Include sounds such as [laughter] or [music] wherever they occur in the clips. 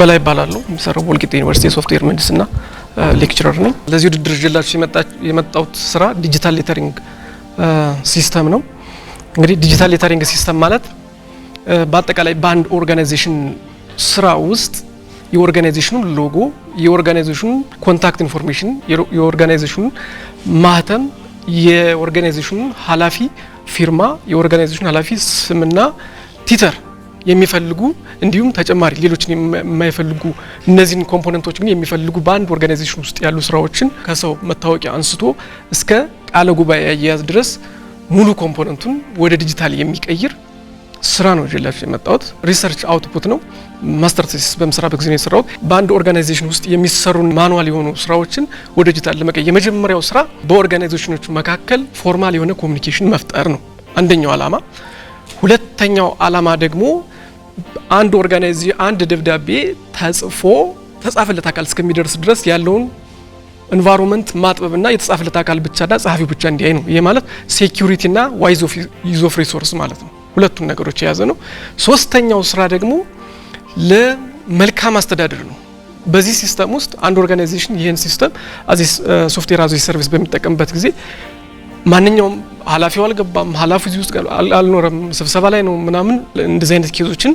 በላይ እባላለሁ። የሚሰራው ወልቂት ዩኒቨርሲቲ የሶፍትዌር ምህንድስና ሌክቸረር ነኝ። ለዚህ ውድድር ይዤላችሁ የመጣሁት ስራ ዲጂታል ሌተሪንግ ሲስተም ነው። እንግዲህ ዲጂታል ሌተሪንግ ሲስተም ማለት በአጠቃላይ በአንድ ኦርጋናይዜሽን ስራ ውስጥ የኦርጋናይዜሽኑን ሎጎ፣ የኦርጋናይዜሽኑን ኮንታክት ኢንፎርሜሽን፣ የኦርጋናይዜሽኑን ማህተም፣ የኦርጋናይዜሽኑን ኃላፊ ፊርማ፣ የኦርጋናይዜሽኑ ኃላፊ ስምና ቲተር የሚፈልጉ እንዲሁም ተጨማሪ ሌሎችን የማይፈልጉ እነዚህን ኮምፖነንቶች ግን የሚፈልጉ በአንድ ኦርጋናይዜሽን ውስጥ ያሉ ስራዎችን ከሰው መታወቂያ አንስቶ እስከ ቃለ ጉባኤ አያያዝ ድረስ ሙሉ ኮምፖነንቱን ወደ ዲጂታል የሚቀይር ስራ ነው ይዤላችሁ የመጣሁት። ሪሰርች አውትፑት ነው። ማስተር ቴሲስ በምሰራበት ነው የሰራሁት። በአንድ ኦርጋናይዜሽን ውስጥ የሚሰሩ ማኑዋል የሆኑ ስራዎችን ወደ ዲጂታል ለመቀየር የመጀመሪያው ስራ በኦርጋናይዜሽኖች መካከል ፎርማል የሆነ ኮሚኒኬሽን መፍጠር ነው አንደኛው ዓላማ። ሁለተኛው ዓላማ ደግሞ አንድ ኦርጋናይዝ አንድ ደብዳቤ ተጽፎ ተጻፈለት አካል እስከሚደርስ ድረስ ያለውን ኢንቫይሮንመንት ማጥበብና የተጻፈለት አካል ብቻና ጸሐፊው ብቻ እንዲያይ ነው። ይሄ ማለት ሴኩሪቲና ዋይዝ ኦፍ ዩዝ ኦፍ ሪሶርስ ማለት ነው። ሁለቱን ነገሮች የያዘ ነው። ሶስተኛው ስራ ደግሞ ለመልካም አስተዳደር ነው። በዚህ ሲስተም ውስጥ አንድ ኦርጋናይዜሽን ይህን ሲስተም አዚ ሶፍትዌር አዚ ሰርቪስ በሚጠቀምበት ጊዜ ማንኛውም ኃላፊው አልገባም፣ ኃላፊው እዚህ ውስጥ አልኖረም፣ ስብሰባ ላይ ነው ምናምን እንደዚህ አይነት ኬዞችን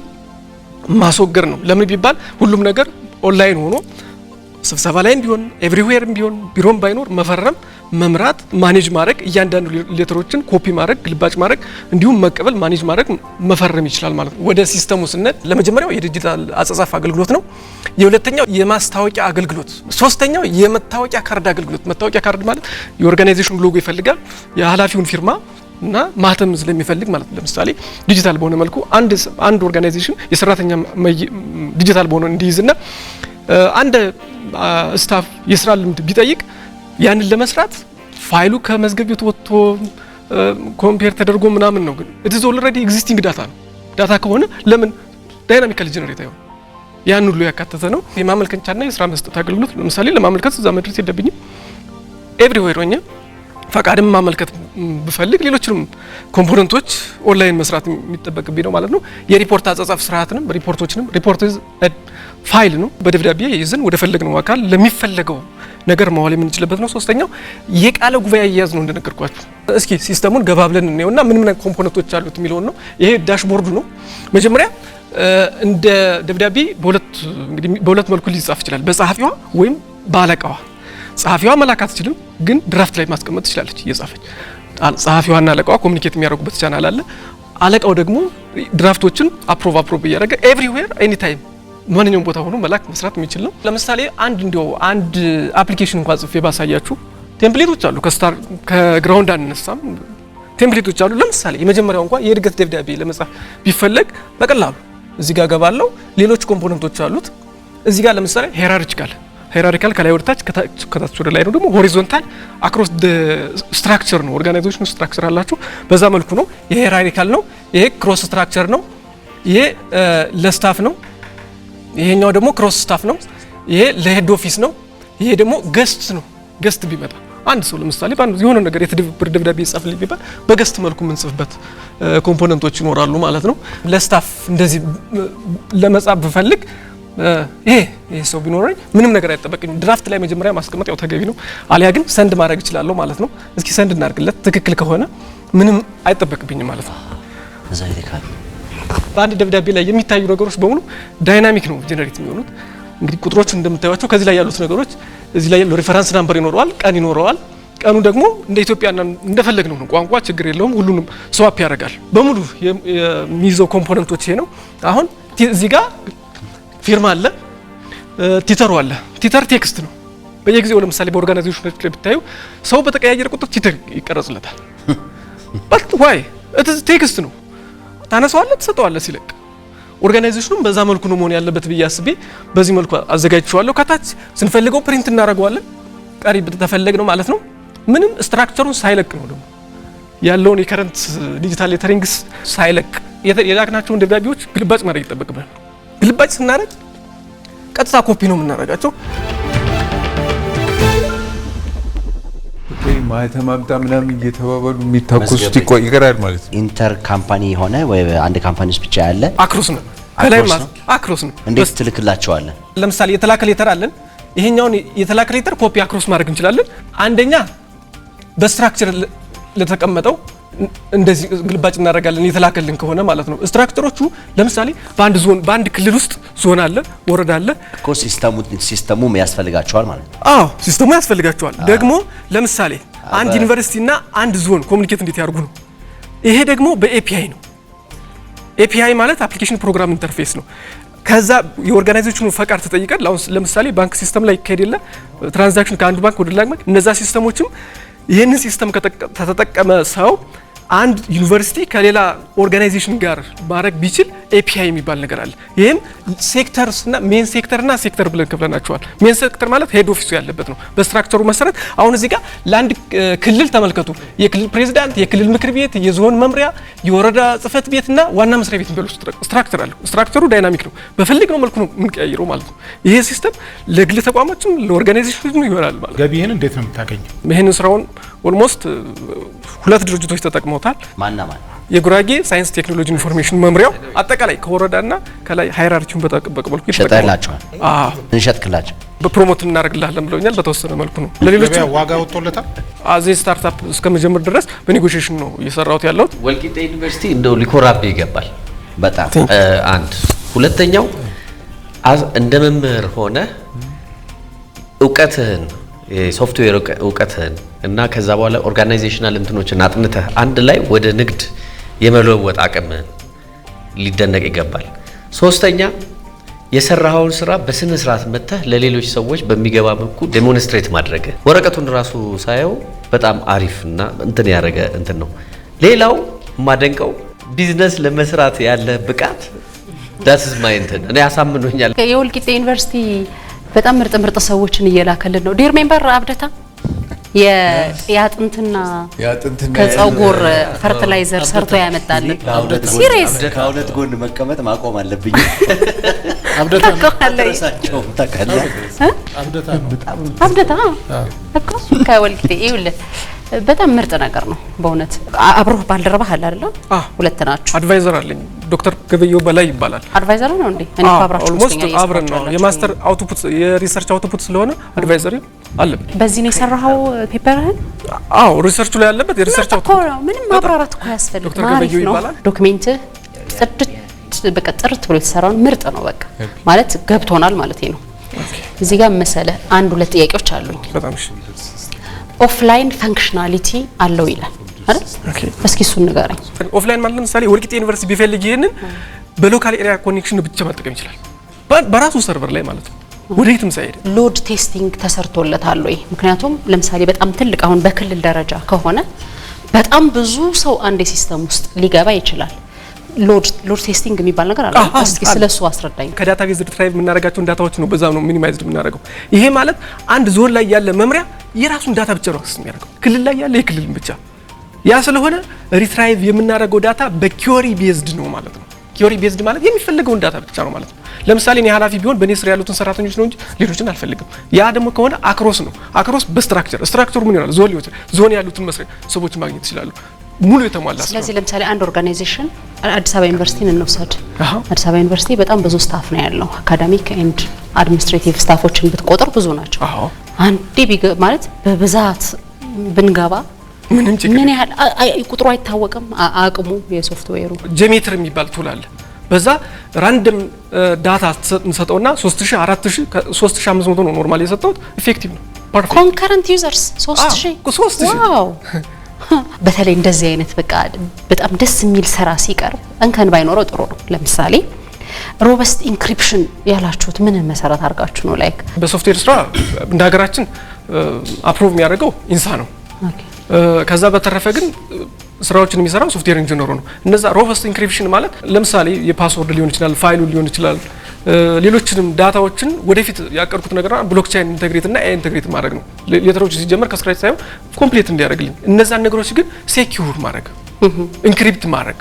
ማስወገድ ነው። ለምን ቢባል ሁሉም ነገር ኦንላይን ሆኖ ስብሰባ ላይም ቢሆን ኤቭሪዌርም ቢሆን ቢሮም ባይኖር መፈረም፣ መምራት፣ ማኔጅ ማድረግ እያንዳንዱ ሌተሮችን ኮፒ ማድረግ፣ ግልባጭ ማድረግ እንዲሁም መቀበል፣ ማኔጅ ማድረግ፣ መፈረም ይችላል ማለት ነው። ወደ ሲስተሙ ስነት ለመጀመሪያው የዲጂታል አጸጻፍ አገልግሎት ነው። የሁለተኛው የማስታወቂያ አገልግሎት፣ ሶስተኛው የመታወቂያ ካርድ አገልግሎት። መታወቂያ ካርድ ማለት የኦርጋናይዜሽኑ ሎጎ ይፈልጋል፣ የኃላፊውን ፊርማ እና ማህተም ስለሚፈልግ ማለት ነው። ለምሳሌ ዲጂታል በሆነ መልኩ አንድ አንድ ኦርጋናይዜሽን የሰራተኛ ዲጂታል በሆነ እንዲይዝና አንድ ስታፍ የስራ ልምድ ቢጠይቅ ያንን ለመስራት ፋይሉ ከመዝገብ ቤቱ ወጥቶ ኮምፔር ተደርጎ ምናምን ነው። ግን ኢት ኢዝ ኦልሬዲ ኤግዚስቲንግ ዳታ ነው። ዳታ ከሆነ ለምን ዳይናሚካል ጀነሬት አይሆን? ያን ሁሉ ያካተተ ነው። የማመልከቻና የስራ መስጠት አገልግሎት ለምሳሌ ለማመልከት እዛ መድረስ የለብኝም ኤቭሪዌር ሆኜ ፈቃድም ማመልከት ብፈልግ ሌሎችንም ኮምፖነንቶች ኦንላይን መስራት የሚጠበቅብኝ ነው ማለት ነው። የሪፖርት አጻጻፍ ስርዓትንም ሪፖርቶችንም ሪፖርት ነው። በደብዳቤ ይዘን ወደ ፈለግነው አካል ለሚፈለገው ነገር ማዋል የምንችልበት ነው። ሶስተኛው የቃለ ጉባኤ አያያዝ ነው እንደነገርኳችሁ። እስኪ ሲስተሙን ገባ ብለን እንየውና ምን ምን ኮምፖነንቶች አሉት የሚለውን ነው። ይሄ ዳሽቦርዱ ነው። መጀመሪያ እንደ ደብዳቤ በሁለት መልኩ ሊጻፍ ይችላል፣ በጸሐፊዋ ወይም በአለቃዋ ጸሐፊዋ መላክ አትችልም፣ ግን ድራፍት ላይ ማስቀመጥ ትችላለች እየጻፈች። ጸሐፊዋና አለቃዋ ኮሚኒኬት የሚያደርጉበት ቻናል አለ። አለቃው ደግሞ ድራፍቶችን አፕሮቭ አፕሮቭ እያደረገ ኤቭሪዌር ኤኒታይም ማንኛውም ቦታ ሆኖ መላክ መስራት የሚችል ነው። ለምሳሌ አንድ እንዲያው አንድ አፕሊኬሽን እንኳን ጽፌ ባሳያችሁ ቴምፕሌቶች አሉ። ከስታር ከግራውንድ አንነሳም፣ ቴምፕሌቶች አሉ። ለምሳሌ የመጀመሪያው እንኳን የእድገት ደብዳቤ ለመጻፍ ቢፈለግ በቀላሉ እዚህ ጋር ገባለው። ሌሎች ኮምፖነንቶች አሉት። እዚህ ጋር ለምሳሌ ሄራርች ሄራሪካል ከላይ ወደታች ታች፣ ከታች ወደ ላይ ነው ደግሞ ሆሪዞንታል አክሮስ ስትራክቸር ነው። ኦርጋናይዜሽኑ ስትራክቸር አላችሁ። በዛ መልኩ ነው። ይሄ ሄራሪካል ነው። ይሄ ክሮስ ስትራክቸር ነው። ይሄ ለስታፍ ነው። ይሄኛው ደግሞ ክሮስ ስታፍ ነው። ይሄ ለሄድ ኦፊስ ነው። ይሄ ደግሞ ገስት ነው። ገስት ቢመጣ አንድ ሰው ለምሳሌ በአንድ የሆነ ነገር የትብብር ደብዳቤ ይጻፍልኝ ቢባል በገስት መልኩ የምንጽፍበት ኮምፖነንቶች ይኖራሉ ማለት ነው። ለስታፍ እንደዚህ ለመጻፍ ብፈልግ ይሄ ይሄ ሰው ቢኖረኝ ምንም ነገር አይጠበቅኝ። ድራፍት ላይ መጀመሪያ ማስቀመጥ ያው ተገቢ ነው። አሊያ ግን ሰንድ ማድረግ እችላለሁ ማለት ነው። እስኪ ሰንድ እናድርግለት። ትክክል ከሆነ ምንም አይጠበቅብኝም ማለት ነው። በአንድ ደብዳቤ ላይ የሚታዩ ነገሮች በሙሉ ዳይናሚክ ነው ጀነሬት የሚሆኑት። እንግዲህ ቁጥሮች እንደምታዩቸው ከዚህ ላይ ያሉት ነገሮች እዚህ ላይ ያለው ሪፈረንስ ናምበር ይኖረዋል፣ ቀን ይኖረዋል። ቀኑ ደግሞ እንደ ኢትዮጵያ እንደፈለግ ነው። ቋንቋ ችግር የለውም። ሁሉንም ስዋፕ ያደርጋል። በሙሉ የሚይዘው ኮምፖነንቶች ይሄ ነው። አሁን እዚህ ጋር ፊርማ አለ፣ ቲተሩ አለ። ቲተር ቴክስት ነው። በየጊዜው ለምሳሌ በኦርጋናይዜሽኖች ላይ ብታዩ ሰው በተቀያየረ ቁጥር ቲተር ይቀረጽለታል። በት ዋይ ቴክስት ነው። ታነሳዋለህ፣ ትሰጠዋለህ ሲለቅ ኦርጋናይዜሽኑም በዛ መልኩ ነው መሆን ያለበት ብዬ አስቤ በዚህ መልኩ አዘጋጅቼዋለሁ። ከታች ስንፈልገው ፕሪንት እናደርገዋለን። ቀሪ ተፈለግ ነው ማለት ነው። ምንም ስትራክቸሩን ሳይለቅ ነው ደግሞ ያለውን የከረንት ዲጂታል ሌተሪንግስ ሳይለቅ የላክናቸውን ደብዳቤዎች ግልባጭ ማድረግ ይጠበቅብናል። ግልባጭ ስናደርግ ቀጥታ ኮፒ ነው የምናደርጋቸው። ማተማምጣ ምናምን እየተባባሉ የሚታኮሱት ይቆይ ይቀራል ማለት ነው። ኢንተር ካምፓኒ የሆነ ወይ አንድ ካምፓኒ ውስጥ ብቻ ያለ አክሮስ ነው። ከላይ ማለት አክሮስ ነው። እንዴት ትልክላቸዋለን? ለምሳሌ የተላከ ሌተር አለን። ይሄኛውን የተላከ ሌተር ኮፒ አክሮስ ማድረግ እንችላለን። አንደኛ በስትራክቸር ለተቀመጠው እንደዚህ ግልባጭ እናደርጋለን የተላከልን ከሆነ ማለት ነው። ስትራክቸሮቹ ለምሳሌ በአንድ ዞን በአንድ ክልል ውስጥ ዞን አለ፣ ወረዳ አለ እኮ ሲስተሙ ሲስተሙ ያስፈልጋቸዋል ማለት ነው። አዎ ሲስተሙ ያስፈልጋቸዋል። ደግሞ ለምሳሌ አንድ ዩኒቨርሲቲ አንድ ዞን ኮሚኒኬት እንዴት ያደርጉ ነው። ይሄ ደግሞ በኤፒአይ ነው። ኤፒአይ ማለት አፕሊኬሽን ፕሮግራም ኢንተርፌስ ነው። ከዛ የኦርጋናይዜሽኑ ፈቃድ ተጠይቀን ለምሳሌ ባንክ ሲስተም ላይ ይካሄድ የለ ትራንዛክሽን ከአንዱ ባንክ ወደ ሌላ ባንክ እነዛ ሲስተሞችም ይህንን ሲስተም ከተጠቀመ ሰው አንድ ዩኒቨርሲቲ ከሌላ ኦርጋናይዜሽን ጋር ማድረግ ቢችል ኤፒአይ የሚባል ነገር አለ። ይህም ሴክተርስና ሜን ሴክተርና ሴክተር ብለን ከፍለናቸዋል። ሜን ሴክተር ማለት ሄድ ኦፊሱ ያለበት ነው። በስትራክቸሩ መሰረት አሁን እዚህ ጋር ለአንድ ክልል ተመልከቱ፣ የክልል ፕሬዚዳንት፣ የክልል ምክር ቤት፣ የዞን መምሪያ፣ የወረዳ ጽህፈት ቤትና ዋና መስሪያ ቤት የሚበሉ ስትራክቸር አለው። ስትራክቸሩ ዳይናሚክ ነው። ነው መልኩ ነው የምንቀያይረው ማለት ነው። ይሄ ሲስተም ለግል ተቋሞችም ለኦርጋናይዜሽን ይሆናል ማለት ነው። ገቢህን እንዴት ነው የምታገኘው? ይህንን ስራውን ኦልሞስት ሁለት ድርጅቶች ተጠቅመውታል። ማና ማን? የጉራጌ ሳይንስ ቴክኖሎጂ ኢንፎርሜሽን መምሪያው አጠቃላይ ከወረዳና ከላይ ሃይራርኪውን በጠበቀ መልኩ ይሸጥላቸዋል። እንሸጥክላቸው በፕሮሞት እናደርግላለን ብለውኛል። በተወሰነ መልኩ ነው ለሌሎች ዋጋ ወጥቶለታል። አዚ ስታርታፕ እስከመጀመር ድረስ በኔጎሽሽን ነው እየሰራሁት ያለሁት። ወልቂጤ ዩኒቨርሲቲ እንደው ሊኮራብ ይገባል በጣም አንድ ሁለተኛው እንደ መምህር ሆነ እውቀትህን የሶፍትዌር እውቀትህን እና ከዛ በኋላ ኦርጋናይዜሽናል እንትኖችን አጥንተህ አንድ ላይ ወደ ንግድ የመለወጥ አቅም ሊደነቅ ይገባል። ሶስተኛ የሰራኸውን ስራ በስነ ስርዓት መጥተህ ለሌሎች ሰዎች በሚገባ መልኩ ዴሞንስትሬት ማድረግ። ወረቀቱን ራሱ ሳየው በጣም አሪፍ እና እንትን ያደረገ እንትን ነው። ሌላው የማደንቀው ቢዝነስ ለመስራት ያለ ብቃት ዳትስ ማይ እንትን እኔ ያሳምኖኛል። የወልቂጤ ዩኒቨርሲቲ በጣም ምርጥ ምርጥ ሰዎችን እየላከልን ነው። ዴር ሜምበር አብደታ የአጥንትና ከጸጉር ፈርትላይዘር ሰርቶ ያመጣል። ሲሪየስ ጎን መቀመጥ ማቆም አለብኝ። [laughs] አብደታ ከወልቂጤ ይኸውልህ በጣም ምርጥ ነገር ነው በእውነት አብሮህ ባልደረባህ አለ አይደለም፣ ሁለት ናችሁ። አድቫይዘር አለኝ ዶክተር ገበየው በላይ ይባላል። አድቫይዘሩ ነው እንዴ? እኔ አብራችሁ ኦልሞስት አብረን ነው የማስተር አውትፑት የሪሰርች አውትፑት ስለሆነ አድቫይዘሪ አለብን። በዚህ ነው የሰራኸው ፔፐርህን? አዎ ሪሰርቹ ላይ ያለበት የሪሰርች አውትፑት ነው። ምንም ማብራራት እኮ ያስፈልግ ዶክተር ገበየው ይባላል። ዶክሜንትህ በቃ ጥርት ብሎ የተሰራውን ምርጥ ነው በቃ ማለት ገብቶናል ማለት ነው። እዚህ ጋር መሰለ አንድ ሁለት ጥያቄዎች አሉኝ። በጣም እሺ ኦፍላይን ፈንክሽናሊቲ አለው ይላል አይደል? እስኪ እሱን ንገረኝ። ኦፍላይን ማለት ለምሳሌ ወልቂጤ ዩኒቨርሲቲ ቢፈልግ በሎካል ኤሪያ ኮኔክሽን ብቻ መጠቀም ይችላል፣ በራሱ ሰርቨር ላይ ማለት ነው። ወዴትም ሳይሄድ ሎድ ቴስቲንግ ተሰርቶለታል ወይ? ምክንያቱም ለምሳሌ በጣም ትልቅ አሁን በክልል ደረጃ ከሆነ በጣም ብዙ ሰው አንድ ሲስተም ውስጥ ሊገባ ይችላል። ሎድ ሎድ ቴስቲንግ የሚባል ነገር አለ። እስኪ ስለሱ አስረዳኝ። ከዳታቤዝ ድራይቭ የምናደርጋቸው ዳታዎች ነው፣ በዛ ነው ሚኒማይዝድ የምናደርገው። ይሄ ማለት አንድ ዞን ላይ ያለ መምሪያ የራሱን ዳታ ብቻ ነው አክሰስ የሚያደርገው፣ ክልል ላይ ያለ የክልልን ብቻ ያ ስለሆነ ሪትራይቭ የምናደርገው ዳታ በኪዮሪ ቤዝድ ነው ማለት ነው። ኪዮሪ ቤዝድ ማለት የሚፈልገውን ዳታ ብቻ ነው ማለት ነው። ለምሳሌ እኔ ኃላፊ ቢሆን በእኔ ስር ያሉትን ሰራተኞች ነው እንጂ ሌሎችን አልፈልግም። ያ ደግሞ ከሆነ አክሮስ ነው። አክሮስ በስትራክቸር ስትራክቸሩ ምን ይሆናል? ዞን ዞን ያሉትን መስሪያ ሰዎች ማግኘት ይችላሉ። ሙሉ የተሟላ ስለዚህ ለምሳሌ አንድ ኦርጋናይዜሽን አዲስ አበባ ዩኒቨርሲቲን እንውሰድ። አዲስ አበባ ዩኒቨርሲቲ በጣም ብዙ ስታፍ ነው ያለው። አካዳሚክ ኤንድ አድሚኒስትሬቲቭ ስታፎችን ብትቆጥር ብዙ ናቸው። አንዴ ማለት በብዛት ብንገባ ምንም ችግር ምን ያህል ቁጥሩ አይታወቅም። አቅሙ የሶፍትዌሩ ጀሜትር የሚባል ቱል አለ። በዛ ራንደም ዳታ ሰጠውና 3000 4000 3500 ነው ኖርማል የሰጠውት ኢፌክቲቭ ነው። ኮንከረንት ዩዘርስ 3000 3000 ዋው [laughs] በተለይ እንደዚህ አይነት በቃ በጣም ደስ የሚል ስራ ሲቀርብ እንከን ባይኖረው ጥሩ ነው። ለምሳሌ ሮበስት ኢንክሪፕሽን ያላችሁት ምን መሰረት አድርጋችሁ ነው? ላይክ በሶፍትዌር ስራ እንደ ሀገራችን አፕሮቭ የሚያደርገው ኢንሳ ነው። ኦኬ ከዛ በተረፈ ግን ስራዎችን የሚሰራው ሶፍትዌር ኢንጂነሩ ነው። እነዛ ሮበስት ኢንክሪፕሽን ማለት ለምሳሌ የፓስወርድ ሊሆን ይችላል፣ ፋይሉ ሊሆን ይችላል፣ ሌሎችንም ዳታዎችን ወደፊት ያቀርኩት ነገር ብሎክቻይን ኢንተግሬት እና ኢንተግሬት ማድረግ ነው። ሌተሮች ሲጀመር ከስክራች ሳይሆን ኮምፕሌት እንዲያደርግልኝ እነዛን ነገሮች ግን ሴኪዩር ማድረግ ኢንክሪፕት ማድረግ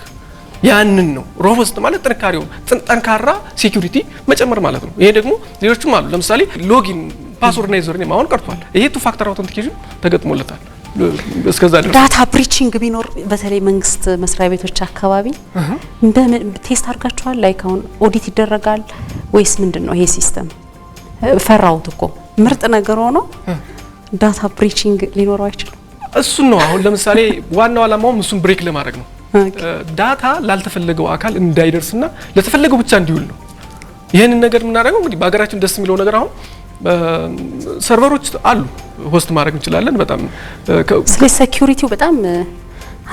ያንን ነው ሮበስት ማለት ጥንካሬው ጠንካራ ሴኩሪቲ መጨመር ማለት ነው። ይሄ ደግሞ ሌሎችም አሉ። ለምሳሌ ሎጊን ፓስወርድ ናይዘር አሁን ቀርቷል። ይሄ ቱ ፋክተር አውተንቲኬሽን ተገጥሞለታል። እስከዛ ዳታ ብሪቺንግ ቢኖር በተለይ መንግስት መስሪያ ቤቶች አካባቢ ቴስት አድርጋችኋል? ላይክ አሁን ኦዲት ይደረጋል ወይስ ምንድን ነው ይሄ ሲስተም? ፈራሁት እኮ ምርጥ ነገር ሆኖ ዳታ ብሪቺንግ ሊኖረው አይችልም። እሱን ነው አሁን ለምሳሌ ዋናው ዓላማውም እሱን ብሬክ ለማድረግ ነው። ዳታ ላልተፈለገው አካል እንዳይደርስና ለተፈለገው ብቻ እንዲውል ነው። ይህንን ነገር የምናደርገው እንግዲህ በሀገራችን ደስ የሚለው ነገር አሁን ሰርቨሮች አሉ ሆስት ማድረግ እንችላለን። በጣም ስለ ሴኩሪቲው በጣም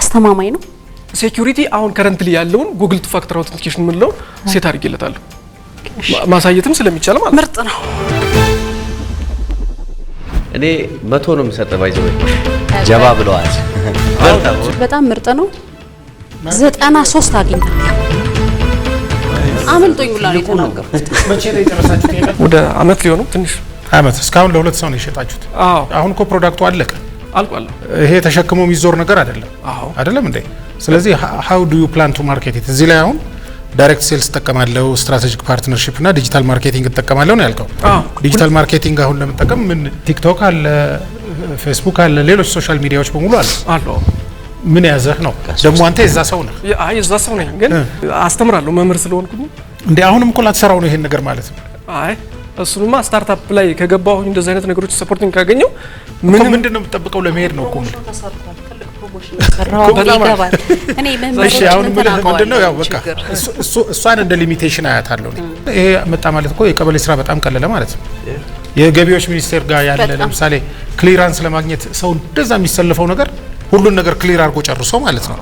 አስተማማኝ ነው። ሴኩሪቲ አሁን ከረንትሊ ያለውን ጉግል ቱ ፋክተር አውተንቲኬሽን የምንለው ሴት አድርጌለታለሁ ማሳየትም ስለሚቻል ማለት ምርጥ ነው። እኔ መቶ ነው የምሰጠው። ባይዘ ጀባ ብለዋል። በጣም ምርጥ ነው። ዘጠና ሶስት አግኝታል። ነው ወደ አመት ሊሆኑ ትንሽ አመት። እስካሁን ለሁለት ሰው ነው የሸጣችሁት። አሁን እኮ ፕሮዳክቱ አለቀ አልቋል። ይሄ ተሸክሞ የሚዞር ነገር አይደለም አይደለም እንዴ? ስለዚህ ሀው ዱ ዩ ፕላን ቱ ማርኬት ኢት እዚህ ላይ አሁን ዳይሬክት ሴልስ እጠቀማለሁ፣ ስትራቴጂክ ፓርትነርሺፕ እና ዲጂታል ማርኬቲንግ እጠቀማለሁ ነው ያልከው። ዲጂታል ማርኬቲንግ አሁን ለመጠቀም ምን ቲክቶክ አለ፣ ፌስቡክ አለ፣ ሌሎች ሶሻል ሚዲያዎች በሙሉ አለ ምን ያዘህ ነው ደግሞ አንተ የዛ ሰው ነህ። አይ የዛ ሰው ነኝ፣ ግን አስተምራለሁ መምህር ስለሆንኩ። እንዴ አሁንም እኮ ላትሰራው ነው ይሄን ነገር ማለት ነው? አይ እሱንማ ስታርታፕ ላይ ከገባሁኝ እንደዚህ አይነት ነገሮች ሰፖርቲንግ ካገኘው ምን ምንድን ነው የምጠብቀው? ለመሄድ ነው እኮ እሷን እንደ ሊሚቴሽን አያታለሁ። ይሄ መጣ ማለት እኮ የቀበሌ ስራ በጣም ቀለለ ማለት ነው። የገቢዎች ሚኒስቴር ጋር ያለ ለምሳሌ ክሊራንስ ለማግኘት ሰው እንደዛ የሚሰልፈው ነገር ሁሉን ነገር ክሊር አድርጎ ጨርሶ ማለት ነው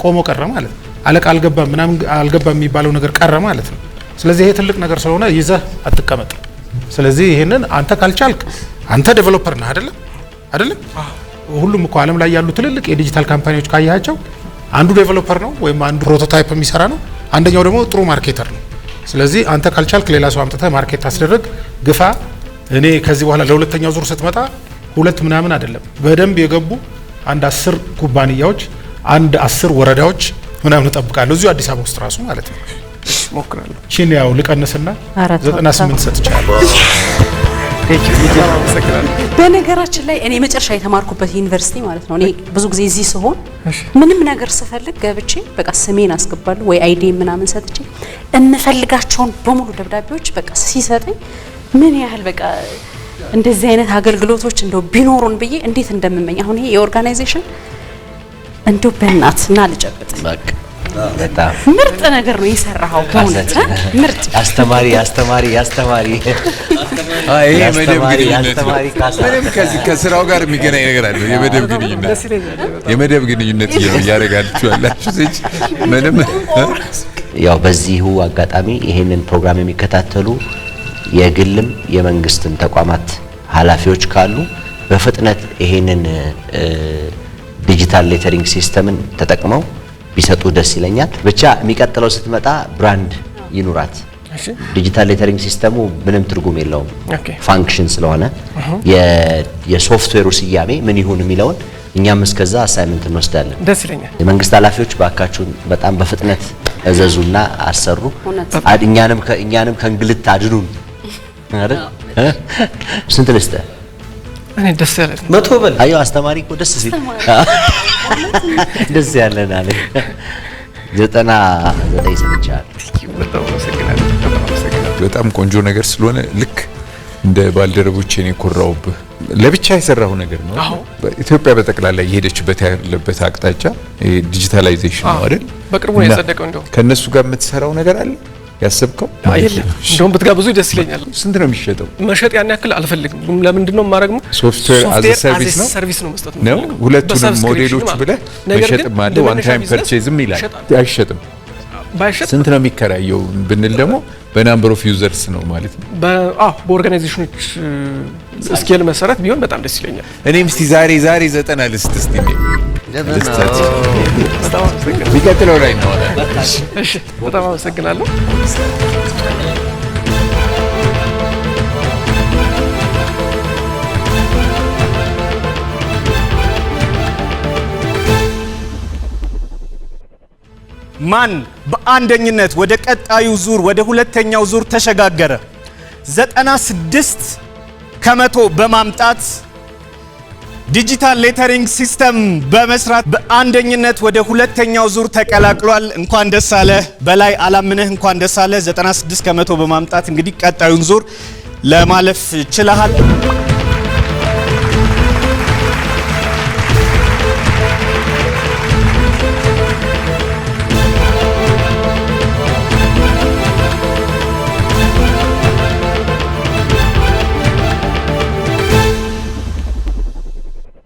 ቆሞ ቀረ ማለት ነው። አለቃ አልገባም ምናምን አልገባም የሚባለው ነገር ቀረ ማለት ነው። ስለዚህ ይሄ ትልቅ ነገር ስለሆነ ይዘህ አትቀመጥ። ስለዚህ ይሄንን አንተ ካልቻልክ አንተ ዴቨሎፐር ነህ አይደለም አይደለም። ሁሉም እኮ ዓለም ላይ ያሉ ትልልቅ የዲጂታል ካምፓኒዎች ካያቸው አንዱ ዴቨሎፐር ነው ወይም አንዱ ፕሮቶታይፕ የሚሰራ ነው፣ አንደኛው ደግሞ ጥሩ ማርኬተር ነው። ስለዚህ አንተ ካልቻልክ ሌላ ሰው አምጥተህ ማርኬት ታስደረግ፣ ግፋ። እኔ ከዚህ በኋላ ለሁለተኛው ዙር ስትመጣ ሁለት ምናምን አይደለም በደንብ የገቡ አንድ አስር ኩባንያዎች አንድ አስር ወረዳዎች ምናምን እጠብቃለሁ እዚሁ አዲስ አበባ ውስጥ ራሱ ማለት ነው። ሞክራለሁ ቺን ያው ልቀንስና 98 ሰጥቻለሁ። በነገራችን ላይ እኔ መጨረሻ የተማርኩበት ዩኒቨርሲቲ ማለት ነው። እኔ ብዙ ጊዜ እዚህ ስሆን ምንም ነገር ስፈልግ ገብቼ በቃ ስሜን አስገባለሁ ወይ አይዲ ምናምን ሰጥቼ እንፈልጋቸውን በሙሉ ደብዳቤዎች በቃ ሲሰጠኝ ምን ያህል በቃ እንደዚህ አይነት አገልግሎቶች እንደው ቢኖሩን ብዬ እንዴት እንደምመኝ አሁን ይሄ የኦርጋናይዜሽን እንደው በእናት እና ልጨብጥ ምርጥ ነገር ነው የሰራኸው። በእውነት ምርጥ አስተማሪ አስተማሪ አስተማሪ ምንም ከዚህ ከስራው ጋር የሚገናኝ ነገር አለ። የመደብ ግንኙነት የመደብ ግንኙነት እያደረጋችሁ ያላችሁ ልጅ ምንም ያው በዚሁ አጋጣሚ ይሄንን ፕሮግራም የሚከታተሉ የግልም የመንግስትም ተቋማት ኃላፊዎች ካሉ በፍጥነት ይሄንን ዲጂታል ሌተሪንግ ሲስተምን ተጠቅመው ቢሰጡ ደስ ይለኛል። ብቻ የሚቀጥለው ስትመጣ ብራንድ ይኑራት። ዲጂታል ሌተሪንግ ሲስተሙ ምንም ትርጉም የለውም ፋንክሽን ስለሆነ የሶፍትዌሩ ስያሜ ምን ይሁን የሚለውን እኛም እስከዛ አሳይመንት እንወስዳለን። ደስ ይለኛል። የመንግስት ኃላፊዎች ባካችሁን በጣም በፍጥነት እዘዙና አሰሩ። እኛንም ከእንግልት አድኑን። አይደል? ስንት ልስጥህ? እኔ ደስ ያለ መቶ በል። አዩ አስተማሪ እኮ ደስ ሲል ደስ ያለህ አለ። ዘጠና ዘጠኝ ሰምቻለሁ። በጣም ቆንጆ ነገር ስለሆነ ልክ እንደ ባልደረቦቼ ነው የኮራውብህ። ለብቻ የሰራሁ ነገር ነው። ኢትዮጵያ በጠቅላላ እየሄደችበት ያለበት አቅጣጫ ዲጂታላይዜሽን ነው አይደል? በቅርቡ ነው የጸደቀው። እንደው ከእነሱ ጋር የምትሰራው ነገር አለ ያሰብከው አይደለም። እንደውም ብትጋብዙ ደስ ይለኛል። ስንት ነው የሚሸጠው? መሸጥ ያን ያክል አልፈልግም። ለምንድን ነው የማደርገው? ሶፍትዌር አዘ ሰርቪስ ነው ሰርቪስ ነው መስጠት ነው። ሁለቱንም ሞዴሎች ብለህ መሸጥም አለ። ዋን ታይም ፐርቼዝም ይላል አይሸጥም ስንት ነው የሚከራየው ብንል ደግሞ በናምበር ኦፍ ዩዘርስ ነው ማለት ነው። በኦርጋናይዜሽኖች ስኬል መሰረት ቢሆን በጣም ደስ ይለኛል። እኔም እስቲ ዛሬ ዛሬ ዘጠና ልስት ስ ሚቀጥለው ላይ ነው። በጣም አመሰግናለሁ። ማን በአንደኝነት ወደ ቀጣዩ ዙር ወደ ሁለተኛው ዙር ተሸጋገረ? 96 ከመቶ በማምጣት ዲጂታል ሌተሪንግ ሲስተም በመስራት በአንደኝነት ወደ ሁለተኛው ዙር ተቀላቅሏል። እንኳን ደስ አለ በላይ አላምነህ፣ እንኳን ደስ አለ 96 ከመቶ በማምጣት እንግዲህ ቀጣዩን ዙር ለማለፍ ችለሃል።